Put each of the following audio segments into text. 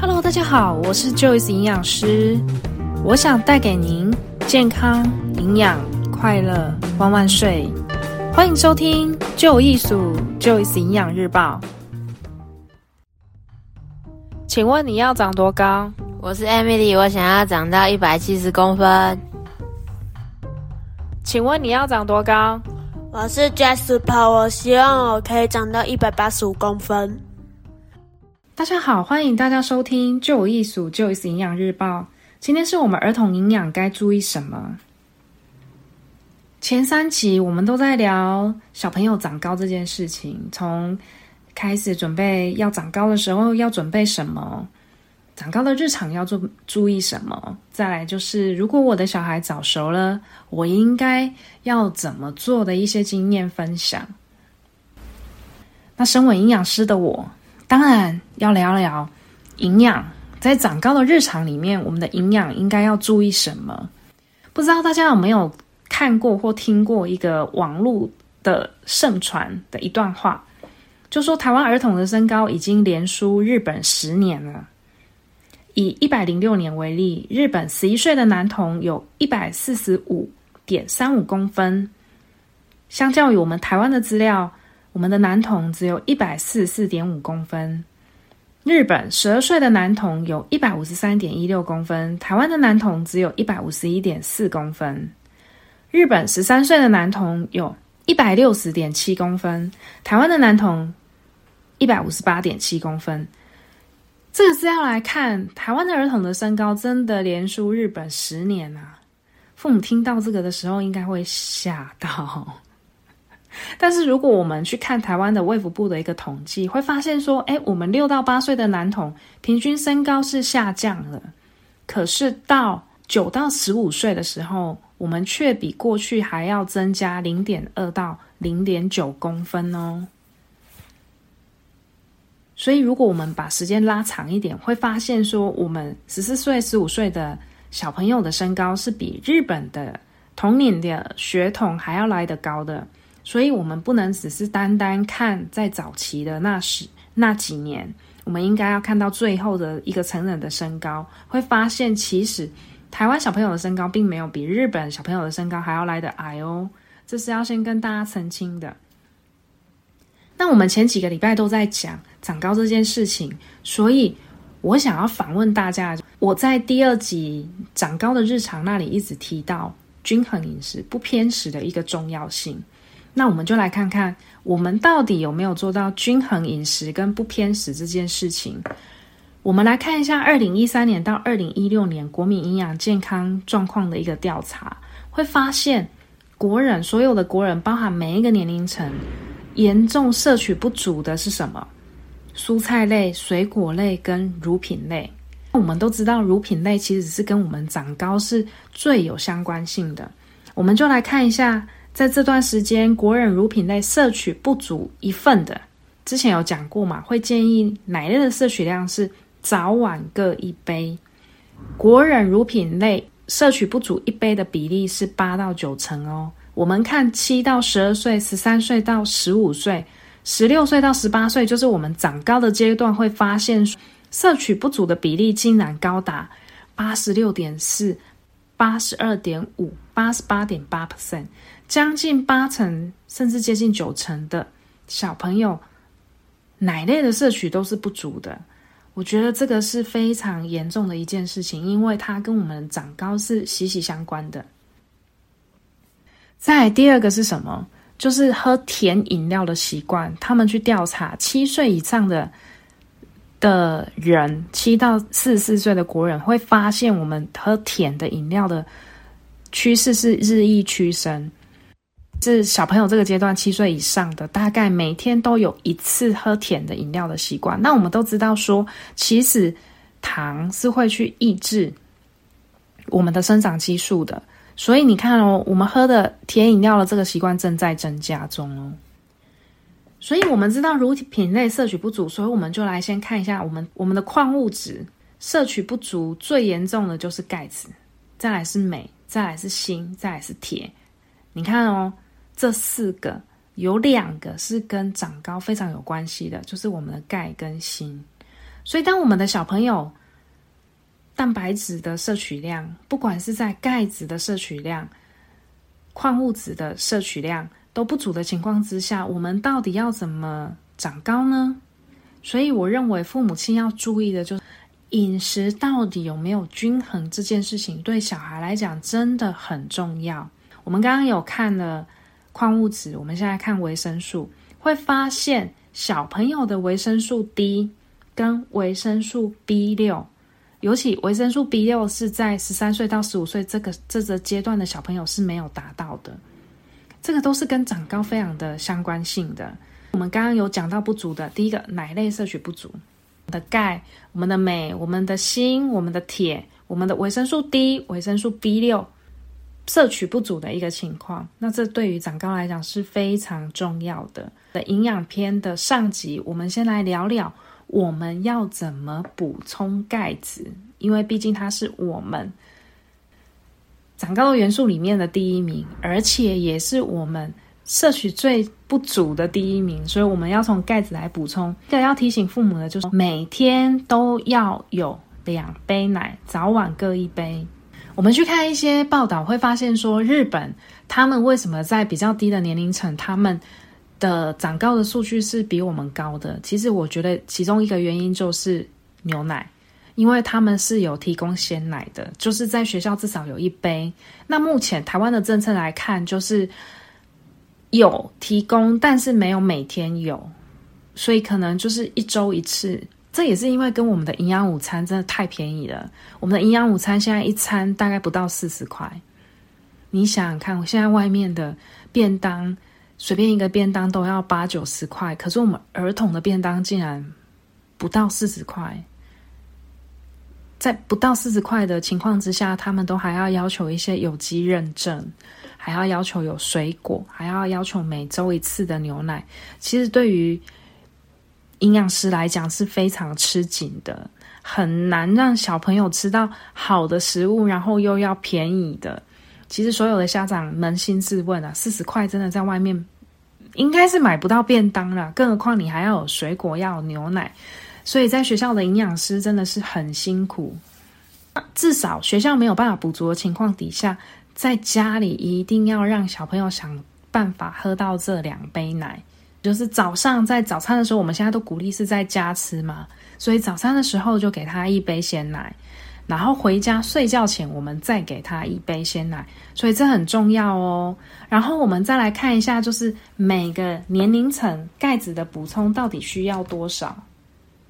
Hello，大家好，我是 Joyce 營養師，我想帶給您健康、營養、快樂，萬萬歲！歡迎收聽《舊藝術 Joyce 營養日報》。請問你要長多高？我是 Emily，我想要長到一百七十公分。請問你要長多高？我是 Jasper，我希望我可以長到一百八十五公分。大家好，歡迎大家收聽 Joyeys 營養日報。今天是我們兒童營養該注意什麼？前三期我們都在聊小朋友長高這件事情，從開始準備要長高的時候要準備什麼，長高的日常要做注意什麼。再來就是，如果我的小孩早熟了，我應該要怎麼做的一些經驗分享。那身為營養師的我。當然要聊聊營養，在長高的日常裡面，我們的營養應該要注意什麼？不知道大家有沒有看過或聽過一個網絡的盛傳的一段話，就說台灣兒童的身高已經連輸日本十年了。以一百零六年為例，日本十一歲的男童有一百四十五點三五公分，相較於我們台灣的資料。我們的男童只有一百四十四點五公分，日本十二歲的男童有一百五十三點一六公分，台灣的男童只有一百五十一點四公分，日本十三歲的男童有一百六十點七公分，台灣的男童一百五十八點七公分。這個資料來看，台灣的兒童的身高真的連輸日本十年啊！父母聽到這個的時候，應該會嚇到。但是，如果我們去看台灣的衛福部的一個統計，會發現說，哎，我們六到八歲的男童平均身高是下降了。可是到九到十五歲的時候，我們卻比過去還要增加零點二到零點九公分哦。所以，如果我們把時間拉長一點，會發現說，我們十四歲、十五歲的小朋友的身高是比日本的同齡的學童還要來得高的。所以，我們不能只是單單看在早期的那時那幾年，我們應該要看到最後的一個成人的身高，會發現其實台灣小朋友的身高並沒有比日本小朋友的身高還要來得矮哦。這是要先跟大家澄清的。那我們前幾個禮拜都在講長高這件事情，所以我想要反問大家：我在第二集《長高的日常》那裡一直提到均衡飲食、不偏食的一個重要性。那我們就來看看，我們到底有沒有做到均衡飲食跟不偏食這件事情。我們來看一下二零一三年到二零一六年國民營養健康狀況的一個調查，會發現國人，所有的國人，包含每一個年齡層，嚴重攝取不足的是什麼？蔬菜類、水果類跟乳品類。我們都知道乳品類其實是跟我們長高是最有相關性的。我們就來看一下。在這段時間，國人乳品類攝取不足一份的，之前有講過嘛，會建議奶類的攝取量是早晚各一杯。國人乳品類攝取不足一杯的比例是八到九成哦。我們看七到十二歲、十三歲到十五歲、十六歲到十八歲，就是我們長高的階段，會發現攝取不足的比例竟然高達八十六點四。八十二點五，八十八點八 percent，將近八成，甚至接近九成的小朋友，奶類的攝取都是不足的。我覺得這個是非常嚴重的一件事情，因為它跟我們的長高是息息相關的。再第二個是什麼？就是喝甜飲料的習慣。他們去調查七歲以上的。的人七到四十四歲的國人會發現，我們喝甜的飲料的趨勢是日益趨升。是小朋友這個階段七歲以上的，大概每天都有一次喝甜的飲料的習慣。那我們都知道說，其實糖是會去抑制我們的生長激素的，所以你看哦，我們喝的甜飲料的這個習慣正在增加中哦。所以，我們知道乳品類攝取不足，所以我們就來先看一下我們我們的礦物質攝取不足最嚴重的就是鈣質，再來是鎂，再來是鋅，再來是鐵。你看哦，這四個有兩個是跟長高非常有關係的，就是我們的鈣跟鋅。所以，當我們的小朋友蛋白質的攝取量，不管是在鈣質的攝取量、礦物質的攝取量，都不足的情況之下，我們到底要怎麼長高呢？所以我認為父母親要注意的就是飲食到底有沒有均衡這件事情，對小孩來講真的很重要。我們剛剛有看了礦物質，我們現在看維生素，會發現小朋友的維生素 D 跟維生素 B 六，尤其維生素 B 六是在十三歲到十五歲這個這個階段的小朋友是沒有達到的。這個都是跟長高非常的相關性的。我們剛剛有講到不足的，第一個奶類攝取不足的鈣，我們的鎂，我們的鋅，我們的鐵，我們的維生素 D、維生素 B6 攝取不足的一個情況。那這對於長高來講是非常重要的。的營養篇的上集，我們先來聊聊我們要怎麼補充鈣質，因為畢竟它是我們。長高的元素裡面的第一名，而且也是我們攝取最不足的第一名，所以我們要從鈣質來補充。這個要提醒父母的就是，每天都要有兩杯奶，早晚各一杯。我們去看一些報道，會發現說，日本他們為什麼在比較低的年齡層，他們的長高的數據是比我們高的？其實我覺得其中一個原因就是牛奶。因為他們是有提供鮮奶的，就是在學校至少有一杯。那目前台灣的政策來看，就是有提供，但是沒有每天有，所以可能就是一周一次。這也是因為跟我們的營養午餐真的太便宜了。我們的營養午餐現在一餐大概不到四十塊，你想想看，我現在外面的便當，隨便一個便當都要八九十塊，可是我們兒童的便當竟然不到四十塊。在不到四十塊的情況之下，他們都還要要求一些有機認證，還要要求有水果，還要要求每周一次的牛奶。其實對於營養師來講是非常吃緊的，很難讓小朋友吃到好的食物，然後又要便宜的。其實所有的家長捫心自問啊，四十塊真的在外面應該是買不到便當了，更何況你還要有水果，要有牛奶。所以在學校的營養師真的是很辛苦。至少學校沒有辦法補足的情況底下，在家裡一定要讓小朋友想辦法喝到這兩杯奶。就是早上在早餐的時候，我們現在都鼓勵是在家吃嘛，所以早餐的時候就給他一杯鮮奶，然後回家睡覺前我們再給他一杯鮮奶，所以這很重要哦。然後我們再來看一下，就是每個年齡層鈣質的補充到底需要多少。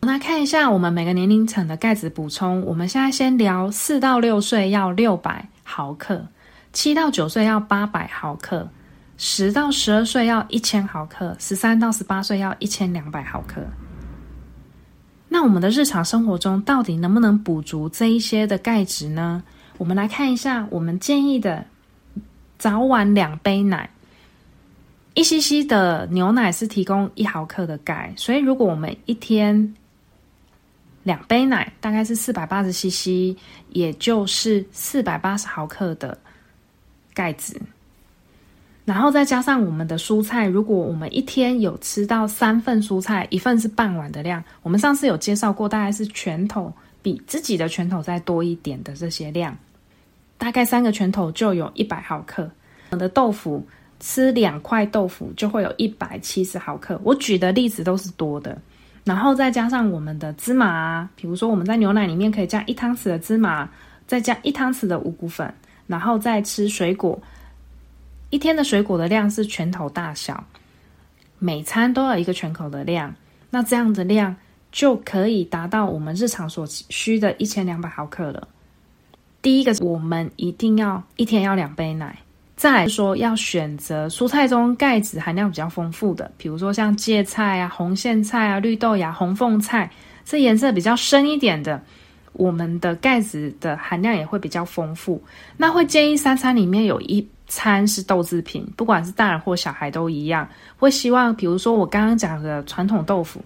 來看一下我們每個年齡層的鈣質補充。我們現在先聊四到六歲要六百毫克，七到九歲要八百毫克，十到十二歲要一千毫克，十三到十八歲要一千兩百毫克。那我們的日常生活中到底能不能補足這一些的鈣質呢？我們來看一下，我們建議的早晚兩杯奶，一 cc 的牛奶是提供一毫克的鈣，所以如果我們一天兩杯奶大概是四百八十 CC，也就是四百八十毫克的鈣質。然後再加上我們的蔬菜，如果我們一天有吃到三份蔬菜，一份是半碗的量，我們上次有介紹過，大概是拳頭比自己的拳頭再多一點的這些量，大概三個拳頭就有一百毫克。我的豆腐吃兩塊豆腐就會有一百七十毫克。我舉的例子都是多的。然後再加上我們的芝麻，比如說我們在牛奶裡面可以加一湯匙的芝麻，再加一湯匙的五穀粉，然後再吃水果，一天的水果的量是拳頭大小，每餐都有一個拳頭的量，那這樣的量就可以達到我們日常所需的一千兩百毫克了。第一個，我們一定要一天要兩杯奶。再來說要選擇蔬菜中鈣質含量比較豐富的，比如說像芥菜啊、紅莧菜啊、綠豆芽、紅鳳菜，這顏色比較深一點的，我們的鈣質的含量也會比較豐富。那會建議三餐裡面有一餐是豆製品，不管是大人或小孩都一樣。會希望比如說我剛剛講的傳統豆腐、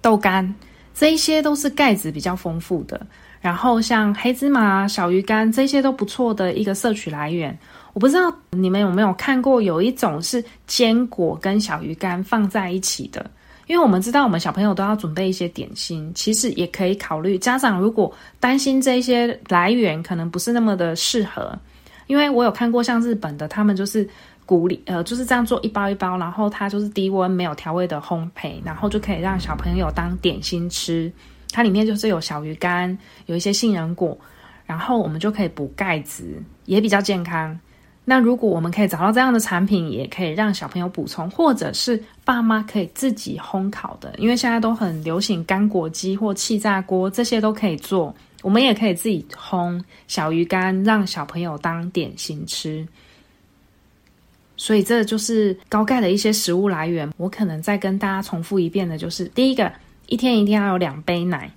豆干，這一些都是鈣質比較豐富的。然後像黑芝麻、小魚乾這些都不錯的一個攝取來源。我不知道你們有沒有看過，有一種是堅果跟小魚乾放在一起的，因為我們知道我們小朋友都要準備一些點心，其實也可以考慮家長如果擔心這一些來源可能不是那麼的適合，因為我有看過像日本的，他們就是鼓勵呃，就是這樣做一包一包，然後它就是低溫沒有調味的烘焙，然後就可以讓小朋友當點心吃，它裡面就是有小魚乾，有一些杏仁果，然後我們就可以補鈣質，也比較健康。那如果我們可以找到這樣的產品，也可以讓小朋友補充，或者是爸媽可以自己烘烤的，因為現在都很流行乾果機或氣炸鍋，這些都可以做。我們也可以自己烘小魚乾，讓小朋友當點心吃。所以這就是高鈣的一些食物來源。我可能再跟大家重複一遍的，就是第一個，一天一定要有兩杯奶，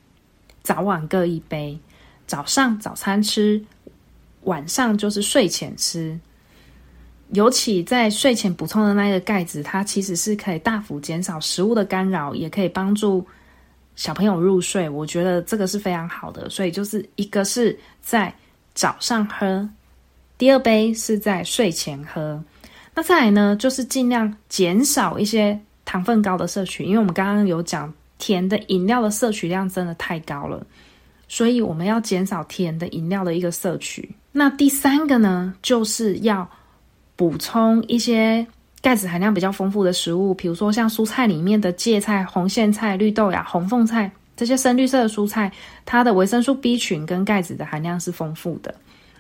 早晚各一杯，早上早餐吃，晚上就是睡前吃。尤其在睡前補充的那一個鈣質，它其實是可以大幅減少食物的干擾，也可以幫助小朋友入睡。我覺得這個是非常好的，所以就是一個是在早上喝，第二杯是在睡前喝。那再來呢，就是盡量減少一些糖分高的攝取，因為我們剛剛有講，甜的飲料的攝取量真的太高了，所以我們要減少甜的飲料的一個攝取。那第三個呢，就是要。補充一些鈣質含量比較豐富的食物，比如說像蔬菜裡面的芥菜、紅莧菜、綠豆芽、紅鳳菜，這些深綠色的蔬菜，它的維生素 B 群跟鈣質的含量是豐富的。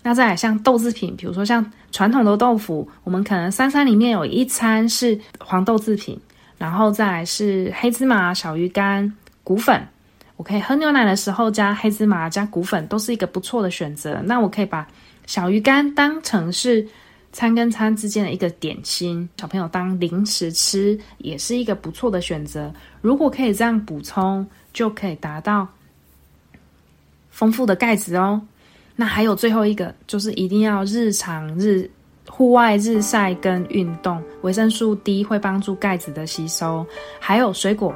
那再來像豆製品，比如說像傳統的豆腐，我們可能三餐裡面有一餐是黃豆製品，然後再來是黑芝麻、小魚乾、穀粉。我可以喝牛奶的時候加黑芝麻、加穀粉，都是一個不錯的選擇。那我可以把小魚乾當成是。餐跟餐之間的一個點心，小朋友當零食吃也是一個不錯的選擇。如果可以這樣補充，就可以達到豐富的鈣質哦。那還有最後一個，就是一定要日常日戶外日曬跟運動，維生素 D 會幫助鈣質的吸收。還有水果，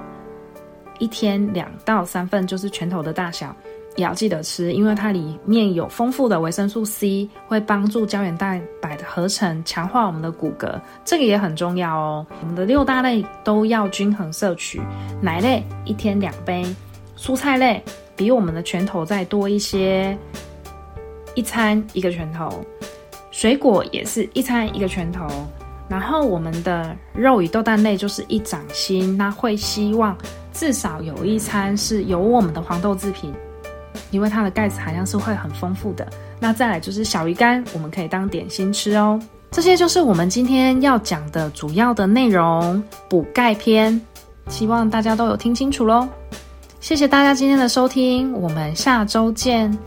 一天兩到三份，就是拳頭的大小。也要記得吃，因為它裡面有豐富的維生素 C，會幫助膠原蛋白的合成，強化我們的骨骼，這個也很重要哦。我們的六大類都要均衡攝取，奶類一天兩杯，蔬菜類比我們的拳頭再多一些，一餐一個拳頭，水果也是一餐一個拳頭，然後我們的肉與豆蛋類就是一掌心，那會希望至少有一餐是有我們的黃豆制品。因為它的鈣質含量是會很豐富的，那再來就是小魚乾，我們可以當點心吃哦。這些就是我們今天要講的主要的內容——補鈣篇。希望大家都有聽清楚嘍，謝謝大家今天的收聽，我們下週見。